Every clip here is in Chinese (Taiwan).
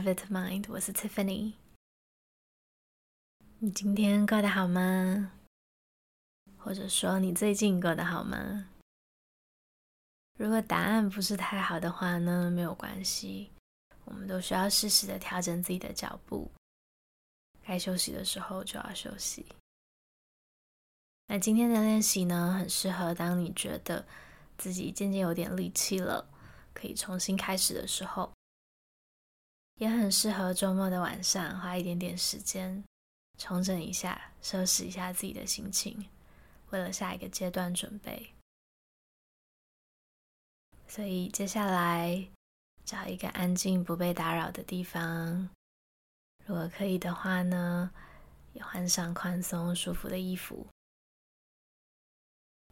Vitamind，我是 Tiffany。你今天過得好嗎？或者說你最近過得好嗎？如果答案不是太好的話呢，沒有關係，我們都需要適時的調整自己的腳步，該休息的時候就要休息。那今天的練習呢，很適合當你覺得自己漸漸有點力氣了，可以重新開始的時候。也很適合周末的晚上，花一點點時間重整一下，收拾一下自己的心情，為了下一個階段準備。所以接下來找一個安靜不被打擾的地方，如果可以的話呢，也換上寬鬆舒服的衣服。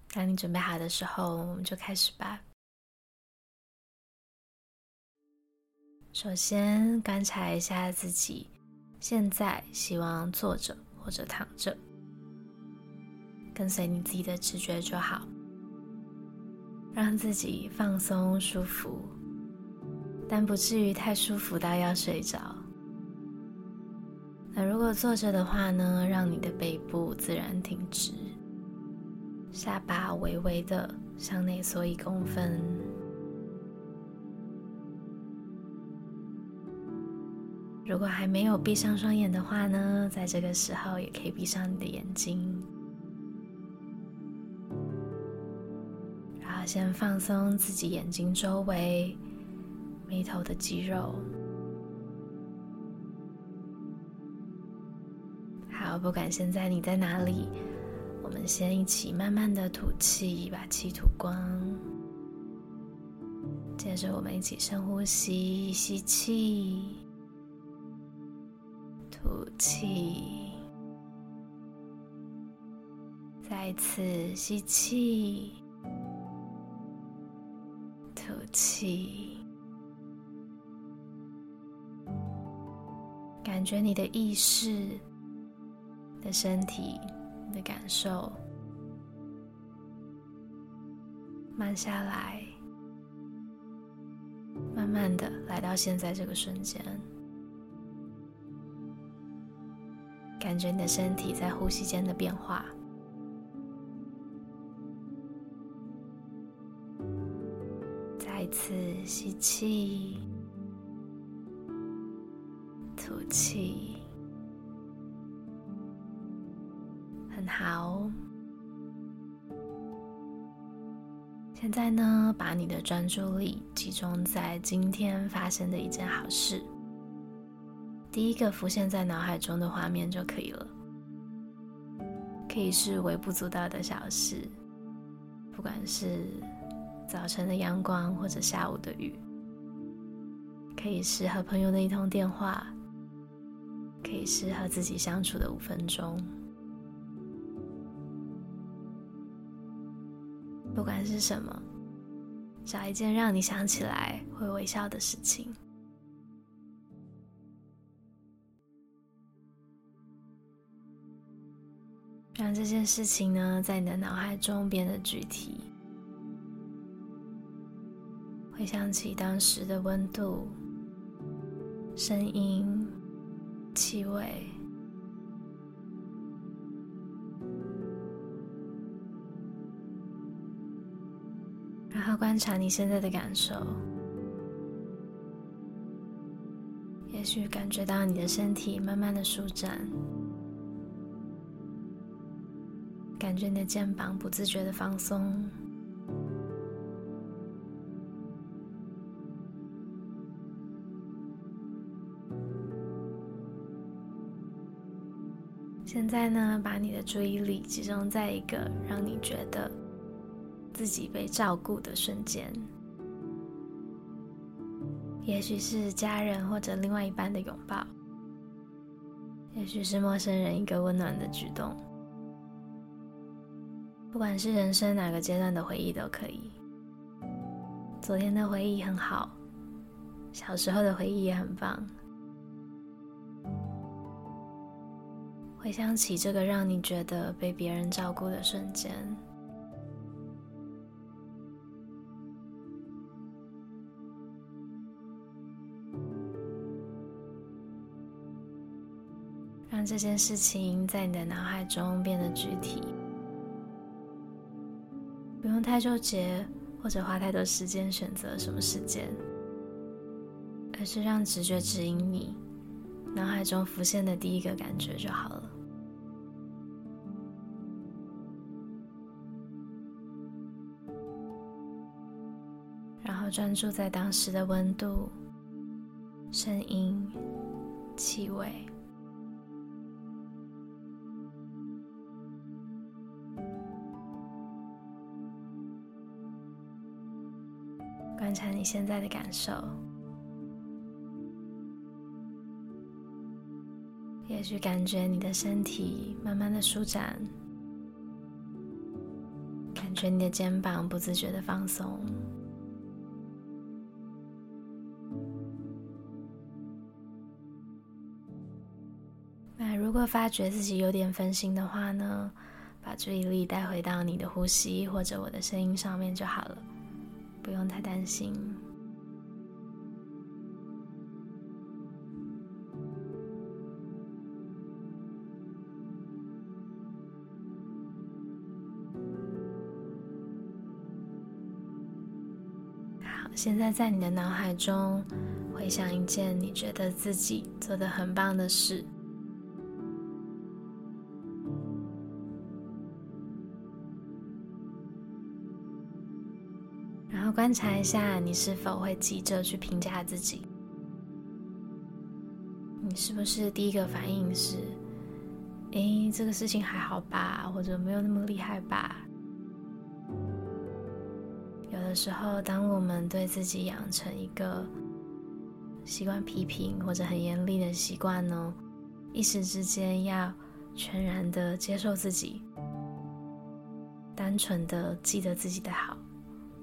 當你準備好的時候，我們就開始吧。首先觀察一下自己，現在希望坐着或者躺着，跟隨你自己的直覺就好，讓自己放鬆舒服，但不至於太舒服到要睡着。那如果坐着的話呢，讓你的背部自然挺直，下巴微微的向內縮一公分。如果還沒有閉上雙眼的話呢，在這個時候也可以閉上你的眼睛，然後先放鬆自己眼睛周圍、眉頭的肌肉。好，不管現在你在哪裡，我們先一起慢慢的吐氣，把氣吐光。接着，我們一起深呼吸，吸氣。吐氣，再次吸氣，吐氣，感覺你的意識、你的身體、你的感受慢下來，慢慢的來到現在這個瞬間。感覺你的身體在呼吸間的變化。再一次吸氣，吐氣，很好。現在呢，把你的專注力集中在今天發生的一件好事。第一個浮現在腦海中的畫面就可以了，可以是微不足道的小事，不管是早晨的陽光或者下午的雨，可以是和朋友的一通電話，可以是和自己相處的五分鐘，不管是什麼，找一件讓你想起來會微笑的事情。讓這件事情呢，在你的腦海中變得具體。回想起當時的溫度、聲音、氣味，然後觀察你現在的感受。也許感覺到你的身體慢慢的舒展。覺你的肩膀不自覺的放鬆。現在呢，把你的注意力集中在一個讓你覺得自己被照顧的瞬間，也許是家人或者另外一半的擁抱，也許是陌生人一個溫暖的舉動。不管是人生哪個階段的回憶都可以。昨天的回憶很好，小時候的回憶也很棒。回想起這個讓你覺得被別人照顧的瞬間，讓這件事情在你的腦海中變得具體。太糾結，或者花太多時間選擇什麼時間，而是讓直覺指引你，腦海中浮現的第一個感覺就好了。然後專注在當時的溫度、聲音、氣味。觀察你現在的感受，也許感覺你的身體慢慢的舒展，感覺你的肩膀不自覺的放鬆。那如果發覺自己有點分心的話呢，把注意力帶回到你的呼吸或者我的聲音上面就好了。不用太擔心。好，現在在你的腦海中回想一件你覺得自己做得很棒的事。然後觀察一下，你是否會急着去評價自己？你是不是第一個反應是：“誒，這個事情還好吧，或者沒有那麼厲害吧？”有的時候，當我們對自己養成一個習慣批評或者很嚴厲的習慣呢、哦，一時之間要全然的接受自己，單純的記得自己的好。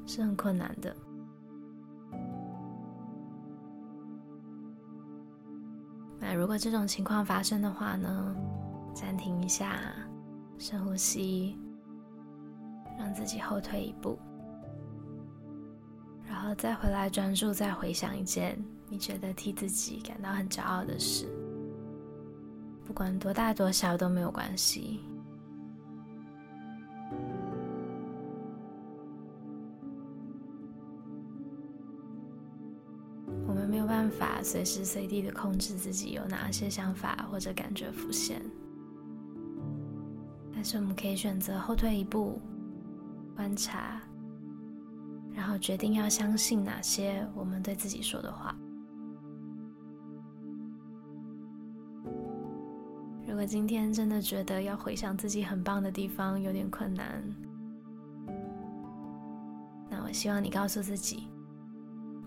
是很困難的。那如果這種情況發生的話呢，暫停一下，深呼吸，讓自己後退一步，然後再回來專注，再回想一件你覺得替自己感到很驕傲的事，不管多大多小都沒有關係。隨時隨地的控制自己有哪些想法或者感覺浮現，但是我們可以選擇後退一步，觀察，然後決定要相信哪些我們對自己說的話。如果今天真的覺得要回想自己很棒的地方有點困難，那我希望你告訴自己。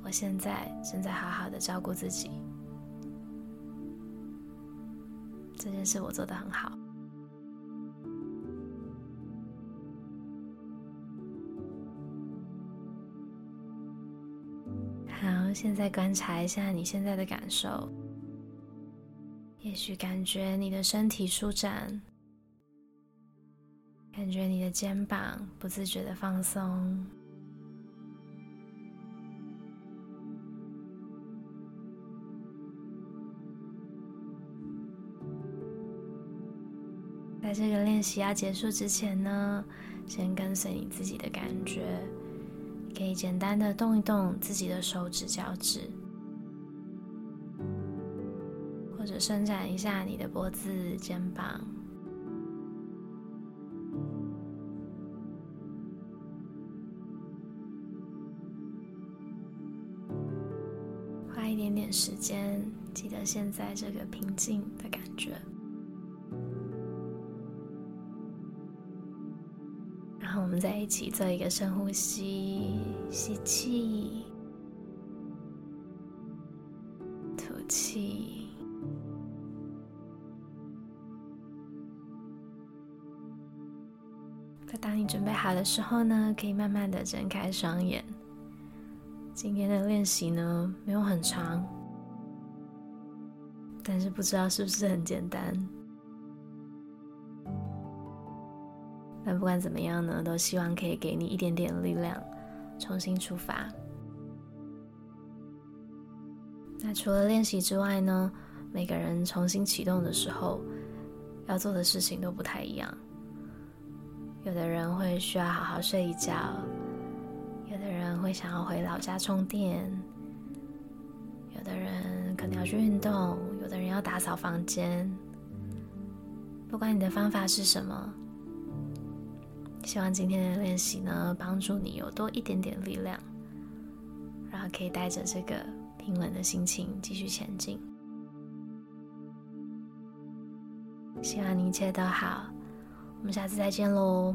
我現在正在好好的照顧自己，這件事我做得很好。好，現在觀察一下你現在的感受，也許感覺你的身體舒展，感覺你的肩膀不自覺的放鬆。在這個練習要結束之前呢，先跟隨你自己的感覺，可以簡單的動一動自己的手指、腳趾，或者伸展一下你的脖子、肩膀，花一點點時間，記得現在這個平靜的感覺。我們在一起做一個深呼吸，吸氣，吐氣。那當你準備好的時候呢，可以慢慢的睜開雙眼。今天的練習呢，沒有很長，但是不知道是不是很簡單。不管怎麼樣呢，都希望可以給你一點點力量，重新出發。那除了練習之外呢，每個人重新啟動的時候要做的事情都不太一樣。有的人會需要好好睡一覺，有的人會想要回老家充電，有的人可能要去運動，有的人要打掃房間。不管你的方法是什麼。希望今天的練習呢，幫助你有多一點點力量，然後可以帶着這個平穩的心情繼續前進。希望你一切都好，我們下次再見嘍。